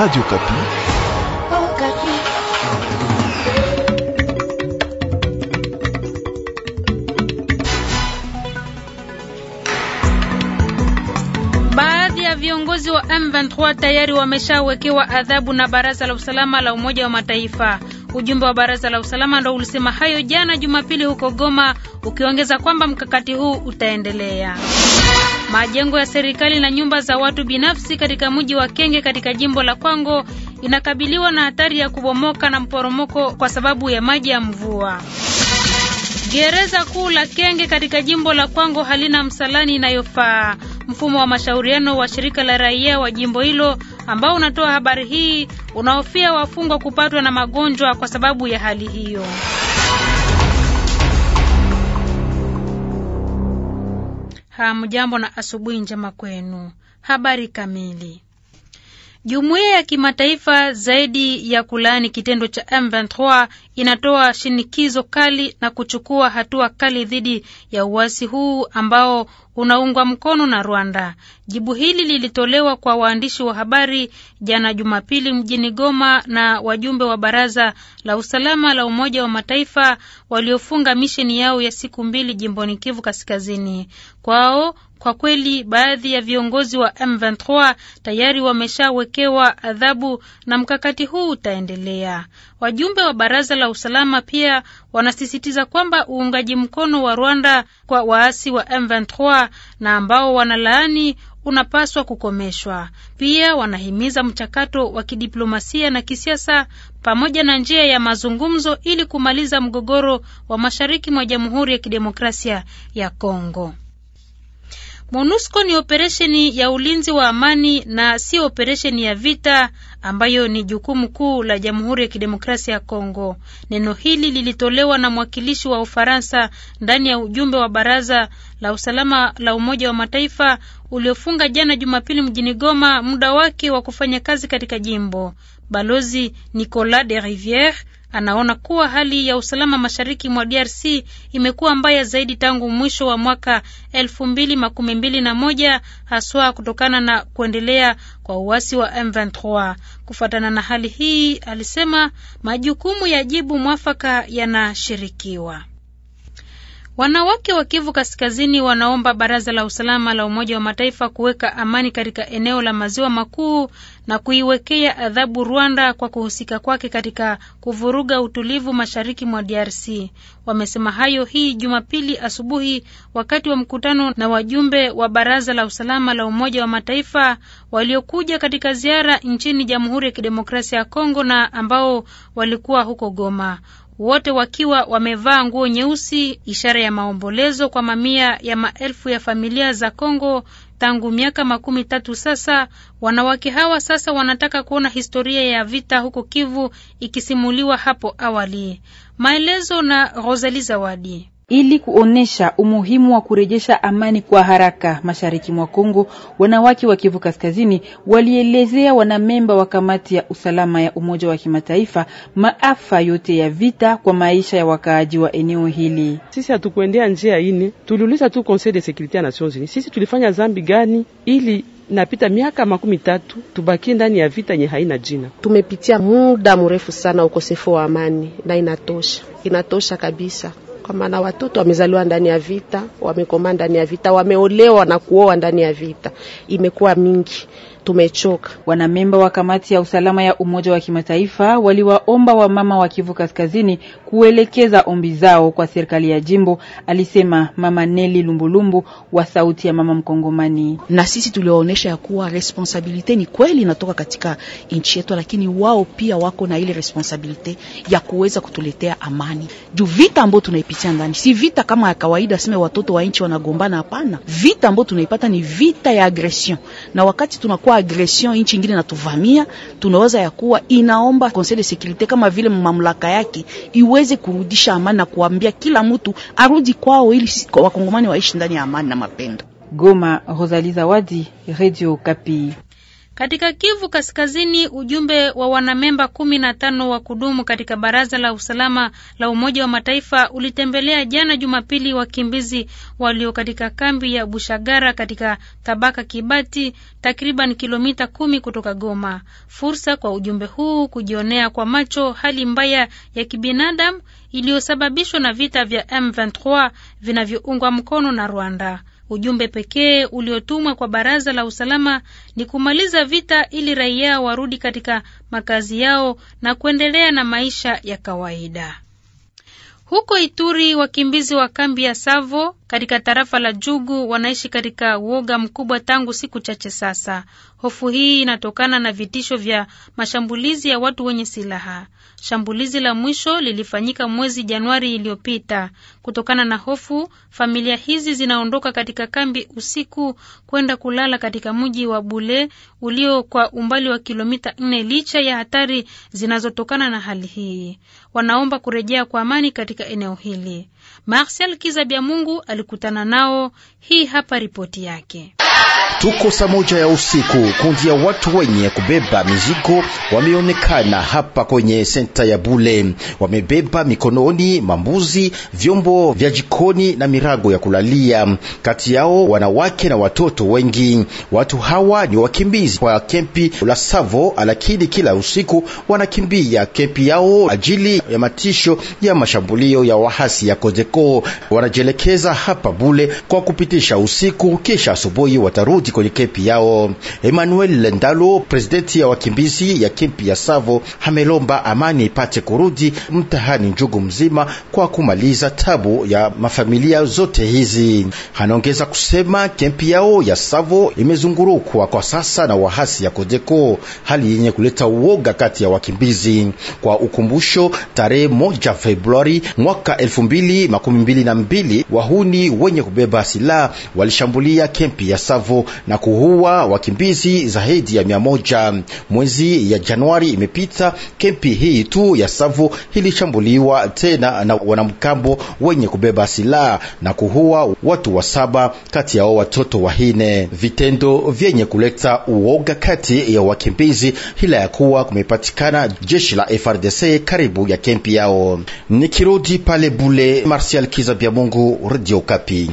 Radio Kapi. Oh, Kapi. Baadhi ya viongozi wa M23 tayari wameshawekewa adhabu na Baraza la Usalama la Umoja wa Mataifa. Ujumbe wa Baraza la Usalama ndio ulisema hayo jana Jumapili huko Goma, ukiongeza kwamba mkakati huu utaendelea. Majengo ya serikali na nyumba za watu binafsi katika mji wa Kenge katika jimbo la Kwango inakabiliwa na hatari ya kubomoka na mporomoko kwa sababu ya maji ya mvua. Gereza kuu la Kenge katika jimbo la Kwango halina msalani inayofaa. Mfumo wa mashauriano wa shirika la raia wa jimbo hilo ambao unatoa habari hii unaofia wafungwa kupatwa na magonjwa kwa sababu ya hali hiyo. Hamjambo na asubuhi njema kwenu. Habari kamili Jumuiya ya kimataifa zaidi ya kulaani kitendo cha M23 inatoa shinikizo kali na kuchukua hatua kali dhidi ya uasi huu ambao unaungwa mkono na Rwanda. Jibu hili lilitolewa kwa waandishi wa habari jana Jumapili mjini Goma na wajumbe wa Baraza la Usalama la Umoja wa Mataifa waliofunga misheni yao ya siku mbili jimboni Kivu Kaskazini. Kwao kwa kweli baadhi ya viongozi wa M23 tayari wameshawekewa adhabu na mkakati huu utaendelea. Wajumbe wa baraza la usalama pia wanasisitiza kwamba uungaji mkono wa Rwanda kwa waasi wa M23 na ambao wanalaani unapaswa kukomeshwa. Pia wanahimiza mchakato wa kidiplomasia na kisiasa pamoja na njia ya mazungumzo ili kumaliza mgogoro wa mashariki mwa Jamhuri ya Kidemokrasia ya Kongo. MONUSCO ni operesheni ya ulinzi wa amani na si operesheni ya vita ambayo ni jukumu kuu la Jamhuri ya Kidemokrasia ya Kongo. Neno hili lilitolewa na mwakilishi wa Ufaransa ndani ya ujumbe wa Baraza la Usalama la Umoja wa Mataifa uliofunga jana Jumapili mjini Goma muda wake wa kufanya kazi katika jimbo. Balozi Nicolas de Riviere Anaona kuwa hali ya usalama mashariki mwa DRC imekuwa mbaya zaidi tangu mwisho wa mwaka elfu mbili makumi mbili na moja haswa kutokana na kuendelea kwa uasi wa M23. Kufuatana na hali hii, alisema majukumu ya jibu mwafaka yanashirikiwa. Wanawake wa Kivu Kaskazini wanaomba Baraza la Usalama la Umoja wa Mataifa kuweka amani katika eneo la Maziwa Makuu na kuiwekea adhabu Rwanda kwa kuhusika kwake katika kuvuruga utulivu mashariki mwa DRC. Wamesema hayo hii Jumapili asubuhi wakati wa mkutano na wajumbe wa Baraza la Usalama la Umoja wa Mataifa waliokuja katika ziara nchini Jamhuri ya Kidemokrasia ya Kongo na ambao walikuwa huko Goma wote wakiwa wamevaa nguo nyeusi, ishara ya maombolezo kwa mamia ya maelfu ya familia za Kongo tangu miaka makumi tatu sasa. Wanawake hawa sasa wanataka kuona historia ya vita huko Kivu ikisimuliwa hapo awali. Maelezo na Rosalie Zawadi. Ili kuonesha umuhimu wa kurejesha amani kwa haraka mashariki mwa Kongo, wanawake wa Kivu Kaskazini walielezea wanamemba wa kamati ya usalama ya Umoja wa Kimataifa maafa yote ya vita kwa maisha ya wakaaji wa eneo hili. Sisi hatukuendea njia ine, tuliuliza tu Conseil de Securite ya Nations Unies, sisi tulifanya zambi gani ili napita miaka makumi tatu tubakie ndani ya vita nye haina jina. Tumepitia muda mrefu sana ukosefu wa amani, na inatosha, inatosha kabisa kwa maana watoto wamezaliwa ndani ya vita, wamekomaa ndani ya vita, wameolewa na kuoa ndani ya vita, imekuwa mingi tumechoka. Wanamemba wa kamati ya usalama ya Umoja wa Kimataifa waliwaomba wamama wa Kivu Kaskazini kuelekeza ombi zao kwa serikali ya jimbo, alisema Mama Neli Lumbulumbu wa Sauti ya Mama Mkongomani. Na sisi tuliwaonyesha ya kuwa responsabilite ni kweli inatoka katika nchi yetu, lakini wao pia wako na ile responsabilite ya kuweza kutuletea amani, juu vita ambayo tunaipitia ndani si vita kama ya kawaida, aseme watoto wa nchi wanagombana. Hapana, vita ambayo tunaipata ni vita ya agresion, na wakati tunakuwa kunakuwa agression nchi ingine natuvamia, tunaweza ya kuwa inaomba Conseil de Securite kama vile mamlaka yake iweze kurudisha amani na kuambia kila mtu arudi kwao, ili wakongomani waishi ndani ya amani na mapendo. Goma, Rosalie Zawadi, Radio Kapi. Katika Kivu Kaskazini, ujumbe wa wanamemba kumi na tano wa kudumu katika Baraza la Usalama la Umoja wa Mataifa ulitembelea jana Jumapili wakimbizi walio katika kambi ya Bushagara katika tabaka Kibati, takriban kilomita kumi kutoka Goma. Fursa kwa ujumbe huu kujionea kwa macho hali mbaya ya kibinadamu iliyosababishwa na vita vya M23 vinavyoungwa mkono na Rwanda. Ujumbe pekee uliotumwa kwa Baraza la Usalama ni kumaliza vita ili raia warudi katika makazi yao na kuendelea na maisha ya kawaida. Huko Ituri, wakimbizi wa kambi ya Savo katika tarafa la Jugu wanaishi katika uoga mkubwa tangu siku chache sasa. Hofu hii inatokana na vitisho vya mashambulizi ya watu wenye silaha. Shambulizi la mwisho lilifanyika mwezi Januari iliyopita. Kutokana na hofu, familia hizi zinaondoka katika kambi usiku kwenda kulala katika mji wa Bule ulio kwa umbali wa kilomita nne. Licha ya hatari zinazotokana na hali hii, wanaomba kurejea kwa amani katika katika eneo hili. Marcel kizabia Mungu alikutana nao. Hii hapa ripoti yake. Tuko saa moja ya usiku, kundi ya watu wenye kubeba mizigo wameonekana hapa kwenye senta ya Bule. Wamebeba mikononi mambuzi, vyombo vya jikoni na mirago ya kulalia, kati yao wanawake na watoto wengi. Watu hawa ni wakimbizi kwa kempi la Savo, lakini kila usiku wanakimbia kempi yao ajili ya matisho ya mashambulio ya wahasi ya Kodeko. Wanajielekeza hapa Bule kwa kupitisha usiku, kisha asubuhi watarudi kurudi kwenye kempi yao. Emmanuel Ndalo, presidenti ya wakimbizi ya kempi ya Savo, amelomba amani ipate kurudi mtahani njugu mzima kwa kumaliza tabu ya mafamilia zote hizi. Anaongeza kusema kempi yao ya Savo imezungurukwa kwa sasa na wahasi ya Kodeko, hali yenye kuleta uoga kati ya wakimbizi. Kwa ukumbusho, tarehe moja Februari mwaka elfu mbili makumi mbili na mbili wahuni wenye kubeba silaha walishambulia kempi ya Savo na kuhua wakimbizi zaidi ya mia moja. Mwezi ya Januari imepita, kempi hii tu ya Savu ilishambuliwa tena na wanamkambo wenye kubeba silaha na kuhua watu wa saba, kati yao watoto wahine, vitendo vyenye kuleta uoga kati ya wakimbizi, hila ya kuwa kumepatikana jeshi la FRDC karibu ya kempi yao. Nikirudi pale Bule, Martial Kiza Bya Mungu, Radio Kapi.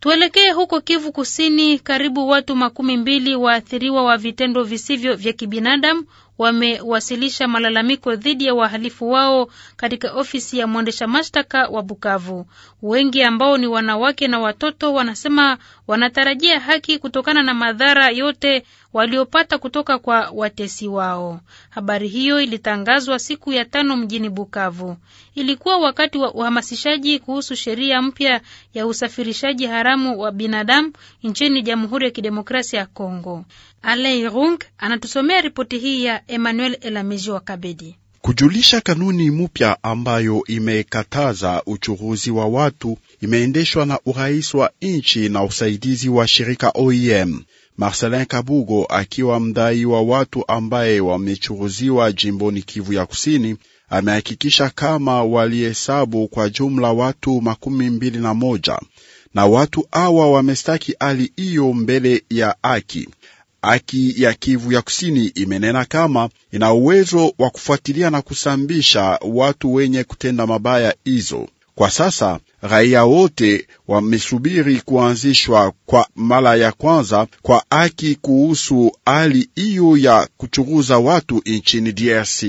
Tuelekee huko Kivu Kusini. Karibu watu makumi mbili waathiriwa wa vitendo visivyo vya kibinadamu wamewasilisha malalamiko dhidi ya wahalifu wao katika ofisi ya mwendesha mashtaka wa Bukavu. Wengi ambao ni wanawake na watoto wanasema wanatarajia haki kutokana na madhara yote waliopata kutoka kwa watesi wao. Habari hiyo ilitangazwa siku ya tano mjini Bukavu. Ilikuwa wakati wa uhamasishaji kuhusu sheria mpya ya usafirishaji haramu wa binadamu nchini Jamhuri ya Kidemokrasia ya Kongo. Alain Rung anatusomea ripoti hii ya Emmanuel Elamiji wa Kabedi. Kujulisha kanuni mpya ambayo imekataza uchuruzi wa watu imeendeshwa na urais wa nchi na usaidizi wa shirika OIM. E Marcelin Kabugo akiwa mdai wa watu ambaye wamechuruziwa jimboni Kivu ya Kusini amehakikisha kama walihesabu kwa jumla watu makumi mbili na moja na watu hawa wamestaki hali hiyo mbele ya aki aki ya Kivu ya Kusini imenena kama ina uwezo wa kufuatilia na kusambisha watu wenye kutenda mabaya hizo. Kwa sasa raia wote wamesubiri kuanzishwa kwa mara ya kwanza kwa haki kuhusu hali hiyo ya kuchunguza watu nchini DRC.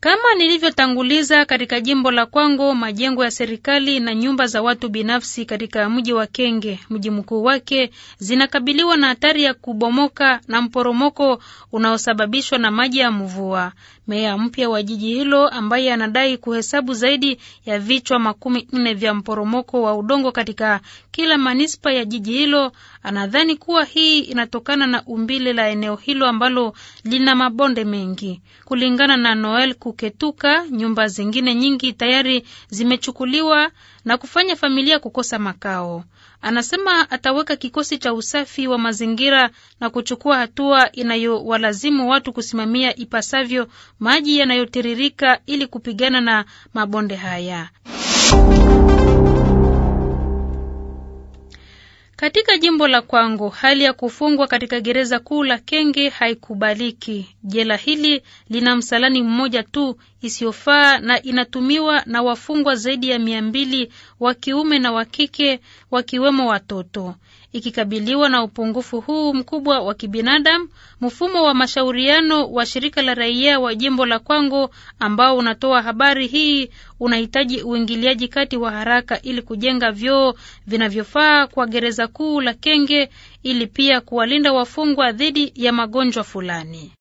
Kama nilivyotanguliza, katika jimbo la Kwango majengo ya serikali na nyumba za watu binafsi katika mji wa Kenge, mji mkuu wake, zinakabiliwa na hatari ya kubomoka na mporomoko unaosababishwa na maji ya mvua meya mpya wa jiji hilo ambaye anadai kuhesabu zaidi ya vichwa makumi nne vya mporomoko wa udongo katika kila manispa ya jiji hilo anadhani kuwa hii inatokana na umbile la eneo hilo ambalo lina mabonde mengi. Kulingana na Noel Kuketuka, nyumba zingine nyingi tayari zimechukuliwa na kufanya familia kukosa makao. Anasema ataweka kikosi cha usafi wa mazingira na kuchukua hatua inayowalazimu watu kusimamia ipasavyo maji yanayotiririka ili kupigana na mabonde haya. Katika jimbo la Kwango hali ya kufungwa katika gereza kuu la Kenge haikubaliki. Jela hili lina msalani mmoja tu isiyofaa na inatumiwa na wafungwa zaidi ya mia mbili wa kiume na wa kike, wakiwemo watoto. Ikikabiliwa na upungufu huu mkubwa wa kibinadamu, mfumo wa mashauriano wa shirika la raia wa jimbo la Kwango ambao unatoa habari hii unahitaji uingiliaji kati wa haraka ili kujenga vyoo vinavyofaa kwa gereza kuu la Kenge ili pia kuwalinda wafungwa dhidi ya magonjwa fulani.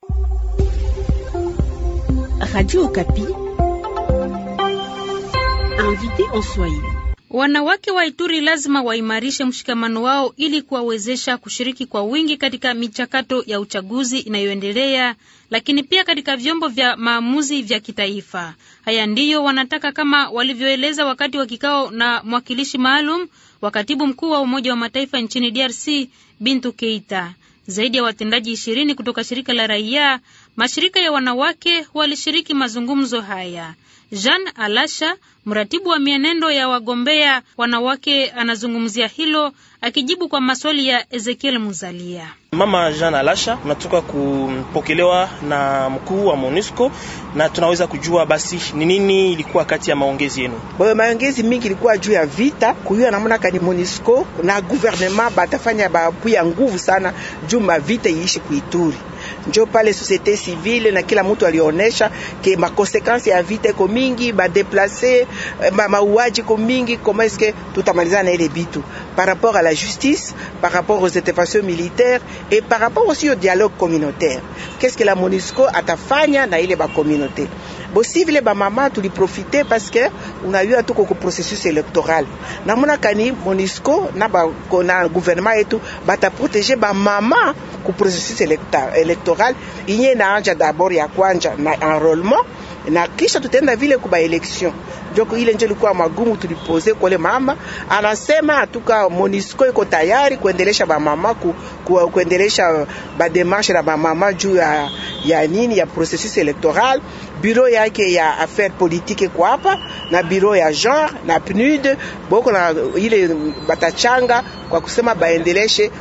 Radio Okapi, invité en Swahili. Wanawake wa Ituri lazima waimarishe mshikamano wao ili kuwawezesha kushiriki kwa wingi katika michakato ya uchaguzi inayoendelea, lakini pia katika vyombo vya maamuzi vya kitaifa. Haya ndiyo wanataka, kama walivyoeleza wakati wa kikao na mwakilishi maalum wa katibu mkuu wa Umoja wa Mataifa nchini DRC Bintu Keita. Zaidi ya watendaji ishirini kutoka shirika la raia, mashirika ya wanawake walishiriki mazungumzo haya. Jean Alasha Mratibu wa mienendo ya wagombea wanawake anazungumzia hilo akijibu kwa maswali ya Ezekiel Muzalia. Mama Jean Alasha, tunatoka kupokelewa na mkuu wa MONUSCO na tunaweza kujua basi ni nini ilikuwa kati ya maongezi yenu? Bwe, maongezi mingi ilikuwa juu ya vita kuyua namna kani MONUSCO na guvernema batafanya bapu ya nguvu sana juu mavita iishi kuituri njo pale societe civile na kila mtu alionesha ke makonsekansi ya vita iko mingi, badeplase Euh, mauaji ko mingi, comment est-ce que tutamalizana ile bitu par rapport à la justice, par rapport aux interventions militaires et par rapport aussi au dialogue communautaire. Qu'est-ce que la MONUSCO a na ile ba communauté? bosi vile que parce qu'on a eu un processus électoral la monisco na, ba, na gouvernement protéger ba mama ku processus électoral inye na anja d'abord ya kwanja na enrôlement na kisha tutaenda vile kuba election. Joko ile nje ilikuwa magumu tulipoze kule, mama anasema atuka Monisco iko tayari kuendelesha ba mama ku, ku, kuendelesha ba demarche na ba mama juu ya, ya nini ya processus electoral biro yake ya affaire politique kwa hapa na biro ya genre na PNUD boko na ile batachanga kwa kusema baendeleshe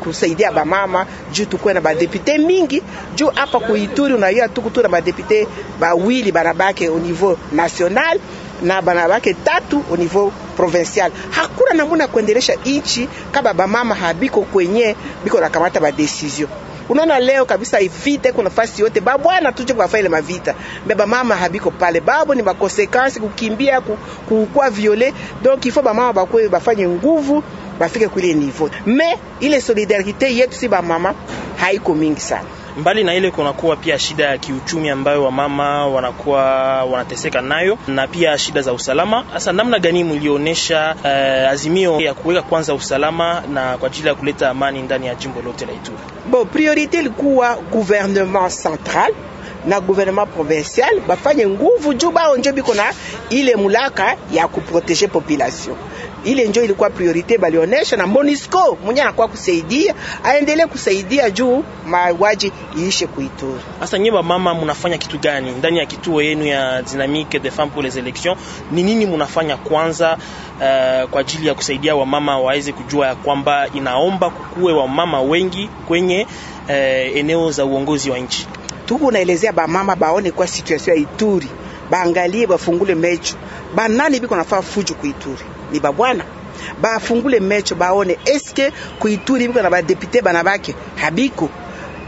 kusaidia bamama juu tukuwe na badepute mingi juu hapa kuituri unaiya tukutu na badepute bawili banabake au niveau national na banabake tatu au niveau provincial. Hakuna namuna kuendelesha inchi kaba bamama habiko kwenye biko nakamata badesizio. Unaona leo kabisa ivite kuna nafasi yote babwana tuje kwa faile mavita baba mama habiko pale babu ni bakosekansi kukimbia kukuwa viole donc il faut bamama bakwe bafanye nguvu bafike kule niveau. Me ile solidarite yetu si bamama haiko mingi sana. Mbali na ile kunakuwa pia shida ya kiuchumi ambayo wamama wanakuwa wanateseka nayo na pia shida za usalama. Hasa namna gani mlionyesha uh, azimio ya kuweka kwanza usalama na kwa ajili ya kuleta amani ndani ya jimbo lote la Ituri? Bo, priorite ilikuwa gouvernement central na gouvernement provincial bafanye nguvu juu bao njo biko na ile mulaka ya kuproteger population ile njo ilikuwa priorite balionesha, na Monisco mwenye anakuwa kusaidia aendelee kusaidia juu mauaji iishe kuituri Sasa nyewe mama, mnafanya kitu gani ndani ya kituo yenu ya dynamique des femmes pour les elections? Ni nini mnafanya kwanza, uh, kwa ajili ya kusaidia wamama waweze kujua ya kwamba inaomba kukuwe wamama wengi kwenye uh, eneo za uongozi wa nchi? Tuko naelezea bamama baone kwa situation ya Ituri, baangalie bafungule mecho banani biko nafaa fuju kuituri ni babwana bafungule mecho baone eske kuituri biko na badepute bana bake habiko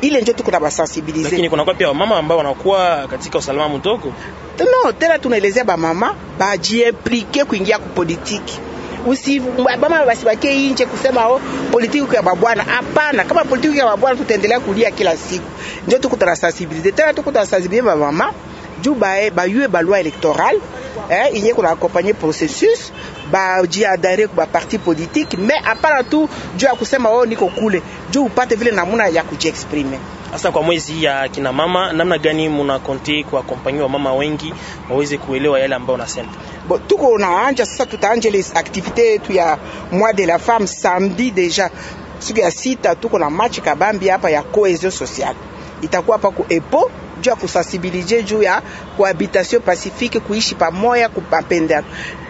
ile njo tuko na basensibilize, lakini kuna kwa pia mama ambao wanakuwa katika usalama mtoko. No, tena tunaelezea ba mama bamama bajiimplike kuingia ku politiki usi bama basibakie inje kusema oh, politiki ya babwana. Hapana, kama politiki ya babwana tutaendelea kulia kila siku. Ndio tuko tunasensibilize tena, tuko ba mama juu bayue eh, ba loi électorale eh, inye kuna accompagner processus bajiadare ba parti politique mais apana tu juu ya kusema wao niko kule juu upate vile namuna ya kujiexprime. Sasa kwa mwezi ya kina mama, namna gani mnakonti kuakompanye wa mama wengi waweze kuelewa yale ambayo unasema? Bon, tuko naanja sasa, tutaanja les activités yetu ya mois de la femme samedi deja siku ya sita, tuko na match kabambi hapa ya cohesion sociale itakuwa hapa ku epo juu ya kusensibilize juu ya cohabitation pacifique, kuishi pamoja kupapendana.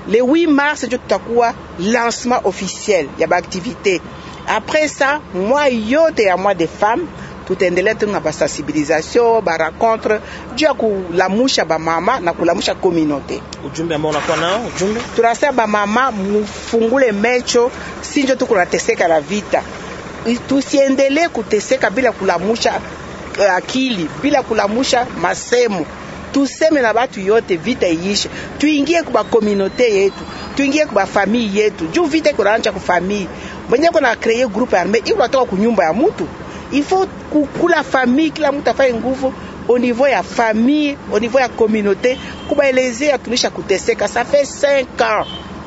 Le 8 mars ndio tutakuwa lancement officiel ya baaktivite. Après ça mwa yote ya mwa de femme tutaendelea tena na basensibilisation barencontre juu ya kulamusha bamama na kulamusha communauté. Ujumbe ambao unakuwa nao ujumbe, tunasema bamama mufungule mecho, sinjo tukunateseka la vita, tusiendelee kuteseka bila kulamusha Eh, akili, bila kulamusha masemo. Tuseme na batu yote, vita iishe, tuingie kwa komunote yetu, tuingie kwa famii yetu, juu vita kwa kufamii mwenye kuna kreye grupe arme iko natoka kunyumba ya mutu, ifo kukula famii, kila mtu afaye nguvu au niveau ya famille, au niveau ya communauté, kubaelezea tulisha kuteseka. Ça fait 5 ans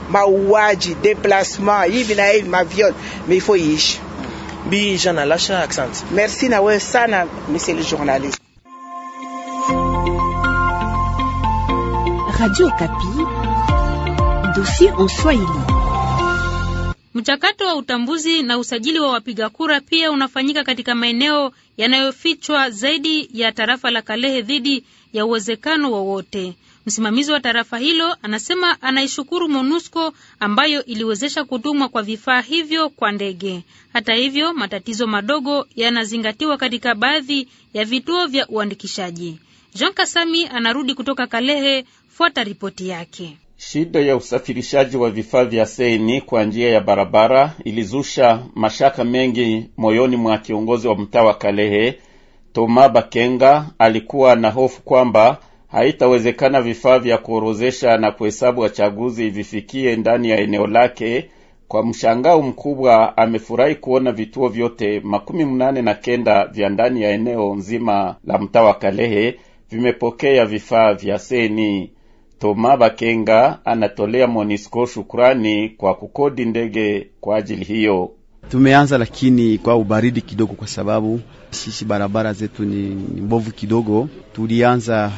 mauaji, déplacement hivi na hivi, maviol, mais il faut iishi Bi Jean Alasha, accent. Merci na wewe sana monsieur le journaliste. Radio Kapi, dossier en Swahili. Mchakato wa utambuzi na usajili wa wapiga kura pia unafanyika katika maeneo yanayofichwa zaidi ya tarafa la Kalehe dhidi ya uwezekano wowote Msimamizi wa tarafa hilo anasema anaishukuru MONUSCO ambayo iliwezesha kutumwa kwa vifaa hivyo kwa ndege. Hata hivyo, matatizo madogo yanazingatiwa katika baadhi ya vituo vya uandikishaji. Jean Kasami anarudi kutoka Kalehe. Fuata ripoti yake. Shida ya usafirishaji wa vifaa vya seni kwa njia ya barabara ilizusha mashaka mengi moyoni mwa kiongozi wa mtaa wa Kalehe, Toma Bakenga. Alikuwa na hofu kwamba haitawezekana vifaa vya kuorozesha na kuhesabu wachaguzi vifikie ndani ya eneo lake. Kwa mshangao mkubwa, amefurahi kuona vituo vyote makumi mnane na kenda vya ndani ya eneo nzima la mtaa wa Kalehe vimepokea vifaa vya seni. Toma Bakenga anatolea Monisco shukrani kwa kukodi ndege kwa ajili hiyo. Tumeanza lakini kwa ubaridi kidogo, kwa sababu sisi barabara zetu ni, ni mbovu kidogo. Tulianza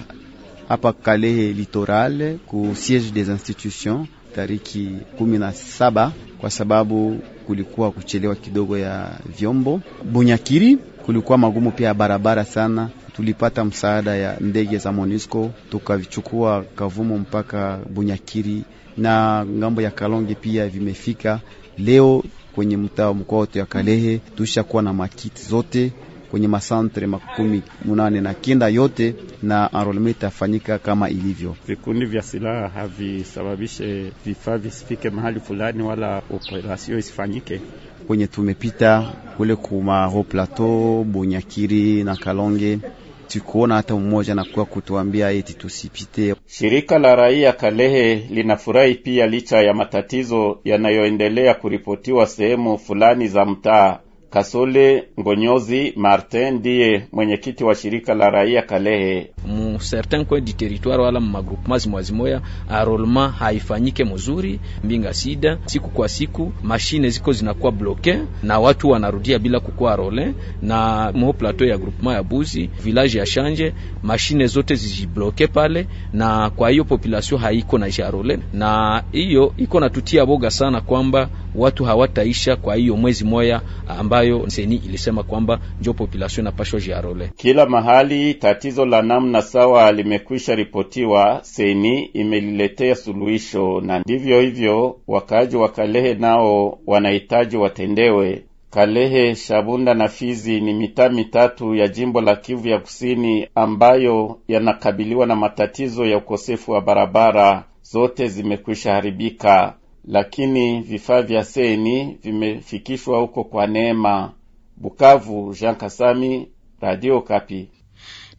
hapa Kalehe Litorale ku siege des institutions tariki kumi na saba kwa sababu kulikuwa kuchelewa kidogo ya vyombo. Bunyakiri kulikuwa magumu pia ya barabara sana. Tulipata msaada ya ndege za Monisco tukavichukua Kavumu mpaka Bunyakiri na ngambo ya Kalonge pia vimefika leo kwenye mtaa mkoa wote wa Kalehe. tushakuwa na makiti zote kwenye masantre makumi munane na kenda yote, na enrollment itafanyika kama ilivyo. Vikundi vya silaha havisababishe vifaa visifike mahali fulani, wala operasio isifanyike kwenye tumepita kule kumaro plateau Bunyakiri na Kalonge tukuona hata mmoja nakuwa kutuambia eti tusipite. Shirika la raia Kalehe linafurahi pia licha ya matatizo yanayoendelea kuripotiwa sehemu fulani za mtaa. Kasole Ngonyozi Martin ndiye mwenyekiti wa shirika la raia Kalehe. mu certain coin du territoire wala mumagrupema zimwazimoya arolema haifanyike mzuri mbinga sida, siku kwa siku mashine ziko zinakuwa bloke na watu wanarudia bila kukuwa role, na mho plateau ya groupement ya Buzi village ya Shanje mashine zote zijibloke pale, na kwa hiyo population haiko na jarole, na hiyo iko natutia boga sana kwamba watu hawataisha kwa hiyo mwezi moya ah, ambayo seni ilisema kwamba njo population inapashwa jiarole kila mahali. Tatizo la namna sawa limekwisha ripotiwa, seni imeliletea suluhisho, na ndivyo hivyo wakaaji wa Kalehe nao wanahitaji watendewe. Kalehe, Shabunda na Fizi ni mitaa mitatu ya jimbo la Kivu ya Kusini ambayo yanakabiliwa na matatizo ya ukosefu wa barabara, zote zimekwisha haribika lakini vifaa vya seni vimefikishwa huko kwa neema. Bukavu, Jean Kasami, Radio Kapi.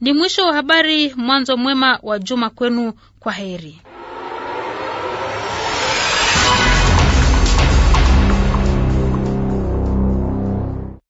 Ni mwisho wa habari. Mwanzo mwema wa juma kwenu. Kwa heri.